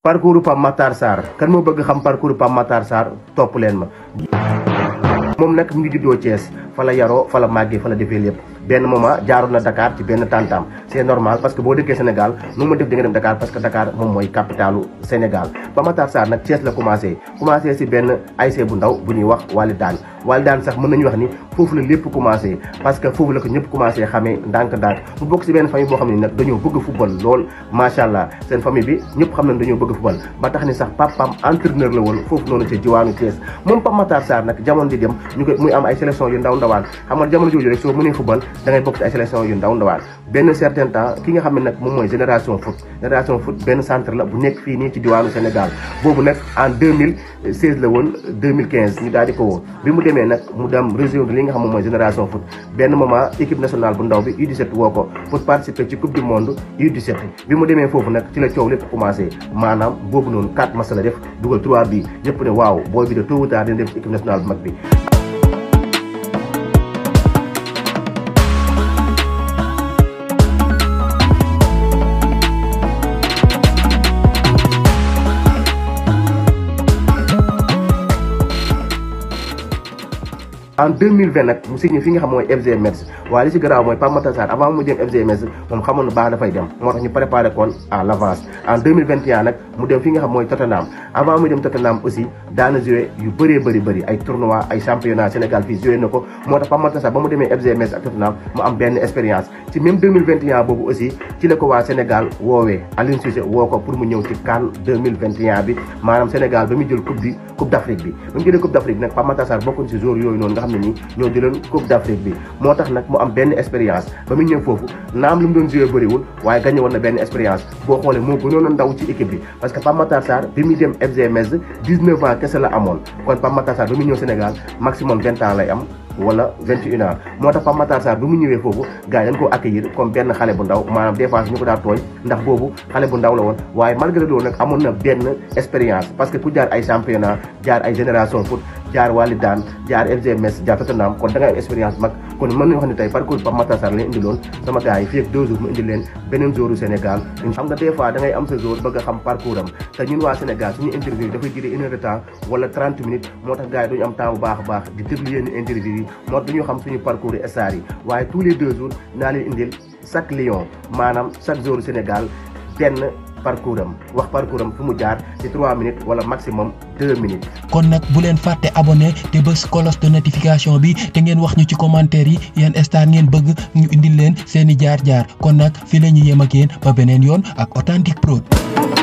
parcours Pape Matar Sarr kan moo bëgg xam parcours Pape Matar saar topp leen ma moom nag mu ngi juddoo Thiès fa yaro yaroo fa la màggee fa la defee lépp benn moment jaaroon Dakar ci tantam c'est normal parce que boo dëkkee Sénégal nu mu def dengen nga dem Dakar parce que Dakar moom mooy capitalu Sénégal la commencé commencé si ben ASC bu ndaw bu ñuy wax Walidaan Walidaan sax mën nañu wax ni foofu la lépp commencé parce que foofu la ko ñëpp commencé xamee ndànk-ndànk si ben famille boo xam ne nag dañoo bëgg football lool macha allah famille bi ñëpp xam nañ bëgg football ba tax ni sax papam entraîneur la woon foofu noonu ci jiwaanu Thiès moom Pape Matar Sarr nag di dem ñu koy muy am ay sélection yu ndaw ndaw ndawaan xam nga jamono jooju rek soo mënee football da ngay bokk ci ay sélection yu ndaw ndawaan benn certain temps ki nga xam ne nag moom mooy génération foot génération foot benn centre la bu nekk fii nii ci diwaanu Sénégal boobu nag en la woon 2015 ñu daal di ko woo bi mu demee nag mu dem région li nga xam moom mooy génération foot benn moment équipe nationale bu ndaw bi U17 woo ko pour participer ci coupe du monde U17 bi mu demee foofu nag ci la coow lépp commencé maanaam boobu noonu 4 match la bi yëpp ne waaw booy bi de tôt ou bi en 2020 nag mu signé fi nga xam mooy FG Metz waaye li si mooy Pape avant mu dem FG Metz moom xamoon na baax dem moo tax ñu préparé koon à l' avance en nag mu dem fi nga xam mooy Tottenham avant muy dem Tottenham aussi daana joué yu bëree bëri bëri ay tournoi ay championnat Sénégal fii joué na ko moo tax Pape ba mu demee FG Metz ak Tottenham mu am benn expérience ci même boobu aussi ci la waa Sénégal woowee Aliou woo ko pour xam ne nii ñoo jëloon Coupe d'Afrique bi moo tax nag mu am benn expérience ba mu ñëw foofu am lu mu doon joué bëriwul waaye gagné woon na benn expérience boo xoolee moo gënoon a ndaw ci équipe bi parce que Pape Matar Sarr bi muy dem FC Metz 19 ans kese la amoon kon Pape Matar Sarr bi muy Sénégal maximum 20 ans lay am wala 21 ans moo tax Pape Matar Sarr bi mu ñëwee foofu gars yi dañ koo comme benn xale bu ndaw maanaam des fois ñu ko la woon waaye malgré loolu nag amoon na benn parce que ku jaar ay jaar ay génération jaar Wally Daan jaar FGMS jaar Tottenham kon da nga am expérience mag kon mën nañu wax ne tey parcours Pape Matar Sarr leen indiloon sama gars yi fii deux jours mu indi leen beneen joueur Sénégal xam nga des fois da am sa joueur bëgg a xam parcours am te ñun waa Sénégal suñu interview yi dafay duré une heure de temps wala trente minutes moo tax gars yi duñu am temps baax a baax di déglu yenn interview yi moo tax duñu xam suñu parcours yi star yi waaye tous les deux parcours am wax parcours am fu mu jaar ci minutes wala maximum 2 minutes. kon nag bu leen fàtte abonné te bés cloche de notification bi te ngeen wax ñu ci commentaire yi yéen star ngeen bëgg ñu indil leen seeni jaar jaar kon nag fi la ñu yem ak yéen ba beneen yoon ak Authentique Prod.